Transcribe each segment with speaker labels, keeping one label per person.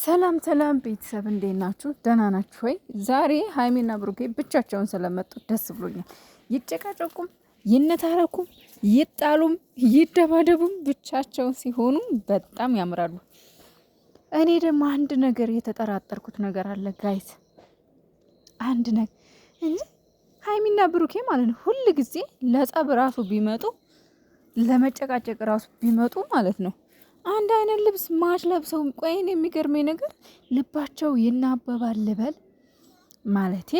Speaker 1: ሰላም ሰላም ቤተሰብ እንዴት ናችሁ? ደህና ናችሁ ወይ? ዛሬ ሀይሚና ብሩኬ ብቻቸውን ስለመጡ ደስ ብሎኛል። ይጨቃጨቁም፣ ይነታረኩም፣ ይጣሉም፣ ይደባደቡም ብቻቸውን ሲሆኑ በጣም ያምራሉ። እኔ ደግሞ አንድ ነገር የተጠራጠርኩት ነገር አለ ጋይስ። አንድ ነገር ሀይሚና ብሩኬ ማለት ነው ሁል ጊዜ ለጸብ ራሱ ቢመጡ ለመጨቃጨቅ ራሱ ቢመጡ ማለት ነው አንድ አይነት ልብስ ማች ለብሰው ቆይን። የሚገርመኝ ነገር ልባቸው ይናበባል ልበል ማለቴ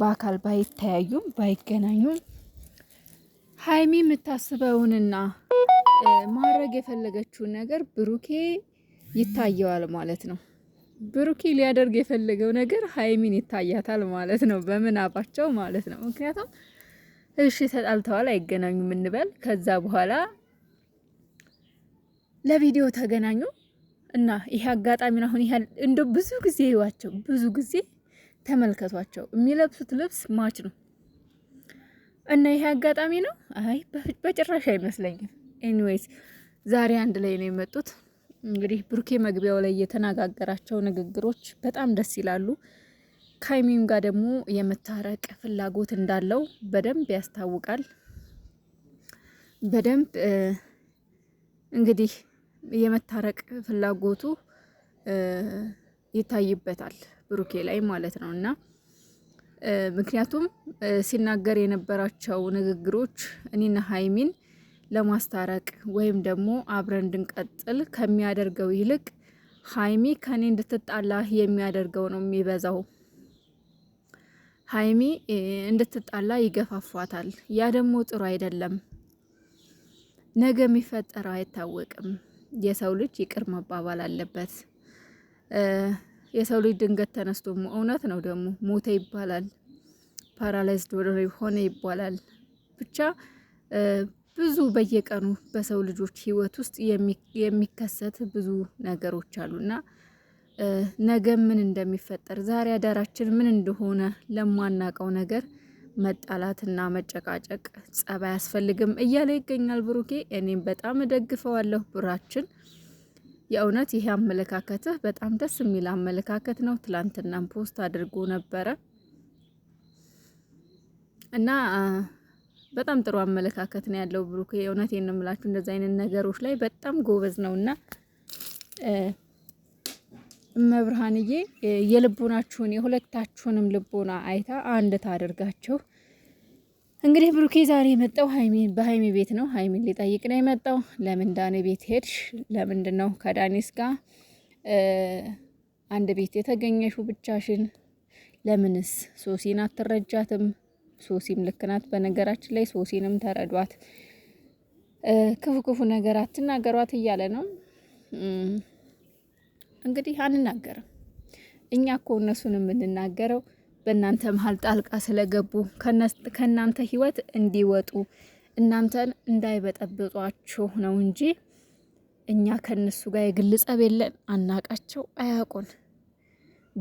Speaker 1: በአካል ባይተያዩም ባይገናኙም ሀይሚ የምታስበውንና ማድረግ የፈለገችውን ነገር ብሩኬ ይታየዋል ማለት ነው። ብሩኬ ሊያደርግ የፈለገው ነገር ሀይሚን ይታያታል ማለት ነው። በምናባቸው ማለት ነው። ምክንያቱም እሺ ተጣልተዋል፣ አይገናኙም እንበል ከዛ በኋላ ለቪዲዮ ተገናኙ እና ይሄ አጋጣሚ ነው አሁን ይሄ እንደ ብዙ ጊዜ ይዋቸው ብዙ ጊዜ ተመልከቷቸው። የሚለብሱት ልብስ ማች ነው እና ይሄ አጋጣሚ ነው። አይ በጭራሽ አይመስለኝም። ኤኒዌይስ ዛሬ አንድ ላይ ነው የመጡት። እንግዲህ ብሩኬ መግቢያው ላይ የተነጋገራቸው ንግግሮች በጣም ደስ ይላሉ። ከሀይሚም ጋር ደግሞ የመታረቅ ፍላጎት እንዳለው በደንብ ያስታውቃል። በደንብ እንግዲህ የመታረቅ ፍላጎቱ ይታይበታል ብሩኬ ላይ ማለት ነው እና ምክንያቱም ሲናገር የነበራቸው ንግግሮች እኔና ሀይሚን ለማስታረቅ ወይም ደግሞ አብረን እንድንቀጥል ከሚያደርገው ይልቅ ሀይሚ ከኔ እንድትጣላ የሚያደርገው ነው የሚበዛው። ሀይሚ እንድትጣላ ይገፋፏታል። ያ ደግሞ ጥሩ አይደለም። ነገ የሚፈጠረው አይታወቅም። የሰው ልጅ ይቅር መባባል አለበት። የሰው ልጅ ድንገት ተነስቶ እውነት ነው ደግሞ ሞተ ይባላል፣ ፓራላይዝድ ሆነ ይባላል። ብቻ ብዙ በየቀኑ በሰው ልጆች ህይወት ውስጥ የሚከሰት ብዙ ነገሮች አሉና ነገ ምን እንደሚፈጠር ዛሬ አዳራችን ምን እንደሆነ ለማናቀው ነገር መጣላትና መጨቃጨቅ ጸባይ አያስፈልግም እያለ ይገኛል ብሩኬ። እኔም በጣም እደግፈዋለሁ ብራችን። የእውነት ይሄ አመለካከትህ በጣም ደስ የሚል አመለካከት ነው። ትላንትናም ፖስት አድርጎ ነበረ እና በጣም ጥሩ አመለካከት ነው ያለው ብሩኬ። የእውነት የንምላችሁ እንደዚ አይነት ነገሮች ላይ በጣም ጎበዝ ነውና እመብርሃንዬ የልቦናችሁን የሁለታችሁንም ልቦና አይታ አንድ ታደርጋችሁ። እንግዲህ ብሩኬ ዛሬ የመጣው በሀይሚ ቤት ነው። ሀይሚን ሊጠይቅ ነው የመጣው። ለምን ዳኔ ቤት ሄድሽ? ለምንድን ነው ከዳኒስ ጋር አንድ ቤት የተገኘሹ ብቻሽን? ለምንስ ሶሲን አትረጃትም? ሶሲም ልክ ናት። በነገራችን ላይ ሶሲንም ተረዷት፣ ክፉ ክፉ ነገር አትናገሯት እያለ ነው እንግዲህ አንናገርም። እኛ እኮ እነሱን የምንናገረው በእናንተ መሀል ጣልቃ ስለገቡ ከእናንተ ህይወት እንዲወጡ እናንተን እንዳይበጠብጧችሁ ነው እንጂ እኛ ከእነሱ ጋር የግል ጸብ የለን። አናቃቸው፣ አያውቁን።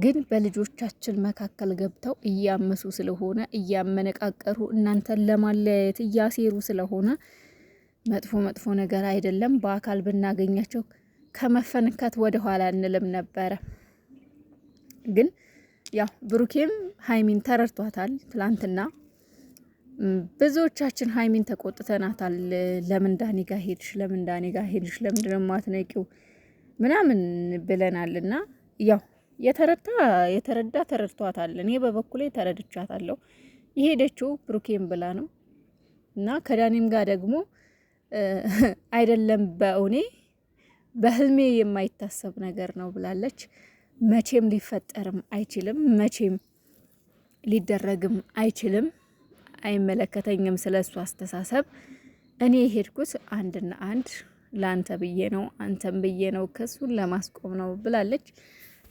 Speaker 1: ግን በልጆቻችን መካከል ገብተው እያመሱ ስለሆነ እያመነቃቀሩ እናንተን ለማለያየት እያሴሩ ስለሆነ መጥፎ መጥፎ ነገር አይደለም። በአካል ብናገኛቸው ከመፈንከት ወደኋላ እንልም ነበረ። ግን ያው ብሩኬም ሀይሚን ተረድቷታል። ትላንትና ብዙዎቻችን ሀይሚን ተቆጥተናታል። ለምን ዳኒ ጋ ሄድሽ? ለምን ዳኒ ጋ ሄድሽ? ለምንድነው የማትነቂው? ምናምን ብለናል። እና ያው የተረዳ የተረዳ ተረድቷታል። እኔ በበኩሌ ተረድቻታለሁ። የሄደችው ብሩኬም ብላ ነው እና ከዳኒም ጋር ደግሞ አይደለም በእውኔ በህልሜ የማይታሰብ ነገር ነው ብላለች። መቼም ሊፈጠርም አይችልም፣ መቼም ሊደረግም አይችልም፣ አይመለከተኝም። ስለ እሱ አስተሳሰብ እኔ የሄድኩት አንድና አንድ ለአንተ ብዬ ነው፣ አንተም ብዬ ነው፣ ክሱን ለማስቆም ነው ብላለች።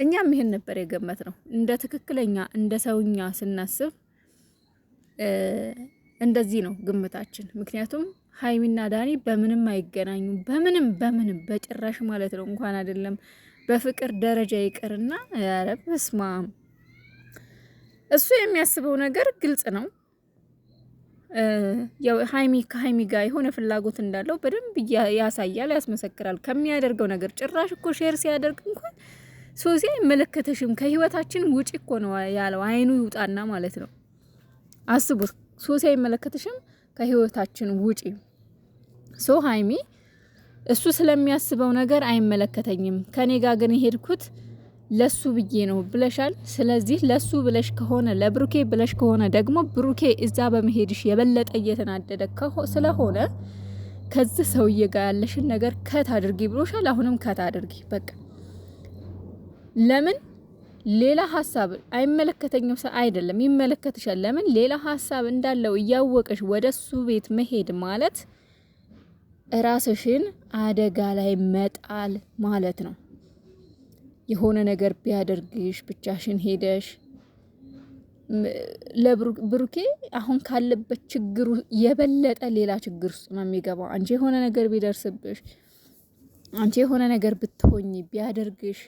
Speaker 1: እኛም ይሄን ነበር የገመት ነው። እንደ ትክክለኛ እንደ ሰውኛ ስናስብ እንደዚህ ነው ግምታችን ምክንያቱም ሀይሚና ዳኒ በምንም አይገናኙም። በምንም በምንም በጭራሽ ማለት ነው። እንኳን አይደለም በፍቅር ደረጃ ይቅርና ኧረ በስመ አብ እሱ የሚያስበው ነገር ግልጽ ነው። ያው ሀይሚ ከሀይሚ ጋር የሆነ ፍላጎት እንዳለው በደንብ ያሳያል፣ ያስመሰክራል ከሚያደርገው ነገር። ጭራሽ እኮ ሼር ሲያደርግ እንኳን ሶሲ አይመለከተሽም ከህይወታችን ውጪ እኮ ነው ያለው። አይኑ ይውጣና ማለት ነው። አስቡት ሶሲ አይመለከተሽም ከህይወታችን ውጪ ሶ ሀይሚ እሱ ስለሚያስበው ነገር አይመለከተኝም፣ ከኔ ጋር ግን የሄድኩት ለሱ ብዬ ነው ብለሻል። ስለዚህ ለሱ ብለሽ ከሆነ ለብሩኬ ብለሽ ከሆነ ደግሞ ብሩኬ እዛ በመሄድሽ የበለጠ እየተናደደ ስለሆነ ከዚህ ሰውዬ ጋር ያለሽን ነገር ከት አድርጊ ብሎሻል። አሁንም ከት አድርጊ በቃ ለምን ሌላ ሀሳብ አይመለከተኝም አይደለም፣ ይመለከትሻል። ለምን ሌላ ሀሳብ እንዳለው እያወቀሽ ወደ እሱ ቤት መሄድ ማለት ራስሽን አደጋ ላይ መጣል ማለት ነው። የሆነ ነገር ቢያደርግሽ ብቻሽን ሄደሽ ለብሩኬ አሁን ካለበት ችግሩ የበለጠ ሌላ ችግር ውስጥ ነው የሚገባው። አንቺ የሆነ ነገር ቢደርስብሽ፣ አንቺ የሆነ ነገር ብትሆኝ ቢያደርግሽ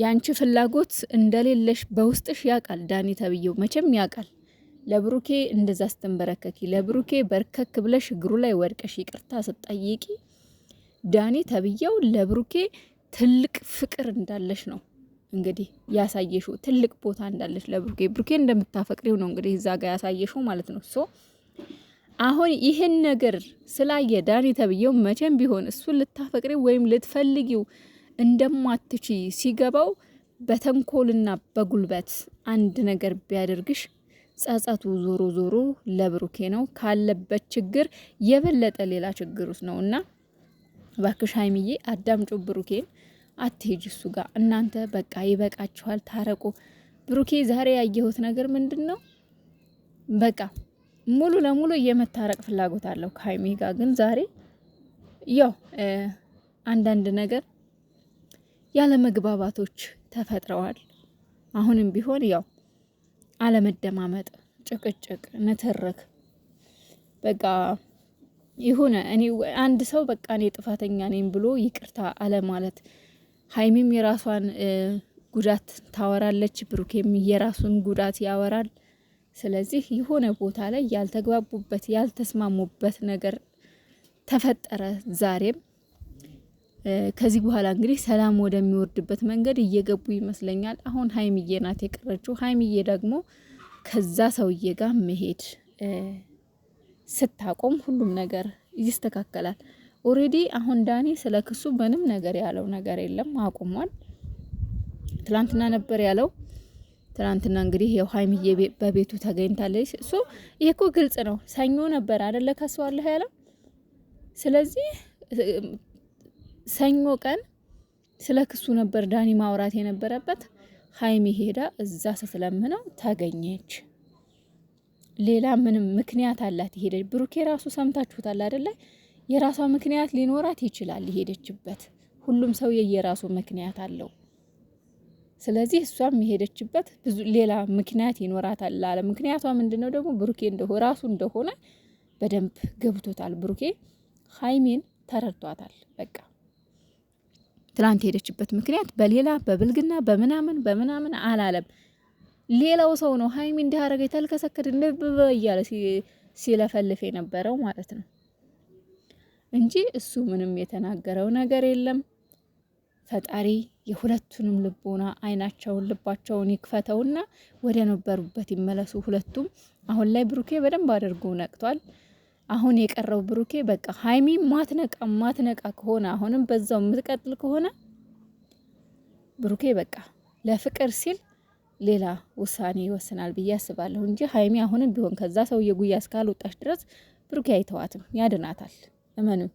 Speaker 1: የአንቺ ፍላጎት እንደሌለሽ በውስጥሽ ያውቃል ዳኒ ተብዬው መቼም ያውቃል። ለብሩኬ እንደዛ ስትንበረከኪ፣ ለብሩኬ በርከክ ብለሽ እግሩ ላይ ወድቀሽ ይቅርታ ስትጠይቂ ዳኒ ተብዬው ለብሩኬ ትልቅ ፍቅር እንዳለሽ ነው እንግዲህ ያሳየሽው ትልቅ ቦታ እንዳለች ለብሩኬ ብሩኬ እንደምታፈቅሪው ነው እንግዲህ እዛ ጋር ያሳየሽው ማለት ነው። ሶ አሁን ይህን ነገር ስላየ ዳኒ ተብዬው መቼም ቢሆን እሱን ልታፈቅሪው ወይም ልትፈልጊው እንደማትቺ ሲገባው በተንኮልና በጉልበት አንድ ነገር ቢያደርግሽ ጸጸቱ ዞሮ ዞሮ ለብሩኬ ነው። ካለበት ችግር የበለጠ ሌላ ችግር ውስጥ ነው እና ባክሽ ሀይሚዬ አዳምጮ ብሩኬን አትሄጅ እሱ ጋር እናንተ በቃ ይበቃችኋል፣ ታረቁ። ብሩኬ ዛሬ ያየሁት ነገር ምንድን ነው? በቃ ሙሉ ለሙሉ የመታረቅ ፍላጎት አለው ከሀይሚ ጋር ግን ዛሬ ያው አንዳንድ ነገር ያለመግባባቶች ተፈጥረዋል። አሁንም ቢሆን ያው አለመደማመጥ፣ ጭቅጭቅ፣ ንትርክ በቃ ይሁን እኔ አንድ ሰው በቃ እኔ ጥፋተኛ ነኝ ብሎ ይቅርታ አለ ማለት ሀይሚም የራሷን ጉዳት ታወራለች፣ ብሩኬም የራሱን ጉዳት ያወራል። ስለዚህ የሆነ ቦታ ላይ ያልተግባቡበት ያልተስማሙበት ነገር ተፈጠረ ዛሬም ከዚህ በኋላ እንግዲህ ሰላም ወደሚወርድበት መንገድ እየገቡ ይመስለኛል። አሁን ሀይሚዬ ናት የቀረችው። ሀይሚዬ ደግሞ ከዛ ሰውዬ ጋር መሄድ ስታቆም ሁሉም ነገር ይስተካከላል። ኦሬዲ አሁን ዳኒ ስለ ክሱ ምንም ነገር ያለው ነገር የለም፣ አቁሟል። ትላንትና ነበር ያለው። ትላንትና እንግዲህ ያው ሀይሚዬ በቤቱ ተገኝታለች። እሱ ይሄ እኮ ግልጽ ነው። ሰኞ ነበር አደለ ከሷ አለህ ያለው። ስለዚህ ሰኞ ቀን ስለ ክሱ ነበር ዳኒ ማውራት የነበረበት። ሀይሚ ሄዳ እዛ ስትለምነው ተገኘች ሌላ ምንም ምክንያት አላት የሄደች። ብሩኬ ራሱ ሰምታችሁታል አደለ? የራሷ ምክንያት ሊኖራት ይችላል የሄደችበት። ሁሉም ሰው የየራሱ ምክንያት አለው። ስለዚህ እሷም የሄደችበት ብዙ ሌላ ምክንያት ይኖራታል አለ። ምክንያቷ ምንድነው ደግሞ ብሩኬ ራሱ እንደሆነ በደንብ ገብቶታል። ብሩኬ ሀይሜን ተረድቷታል በቃ ትላንት ሄደችበት ምክንያት በሌላ በብልግና በምናምን በምናምን አላለም። ሌላው ሰው ነው ሀይሚ እንዲያረገ የተልከሰከድ ንብበ እያለ ሲለፈልፍ የነበረው ማለት ነው እንጂ እሱ ምንም የተናገረው ነገር የለም። ፈጣሪ የሁለቱንም ልቦና አይናቸውን ልባቸውን ይክፈተውና ወደ ነበሩበት ይመለሱ ሁለቱም። አሁን ላይ ብሩኬ በደንብ አድርጎ ነቅቷል። አሁን የቀረው ብሩኬ በቃ ሀይሚ ማትነቃ ማትነቃ ከሆነ አሁንም በዛው የምትቀጥል ከሆነ ብሩኬ በቃ ለፍቅር ሲል ሌላ ውሳኔ ይወስናል ብዬ አስባለሁ እንጂ ሀይሚ አሁንም ቢሆን ከዛ ሰውዬ ጉያ እስካልወጣች ድረስ ብሩኬ አይተዋትም፣ ያድናታል። እመኑኝ።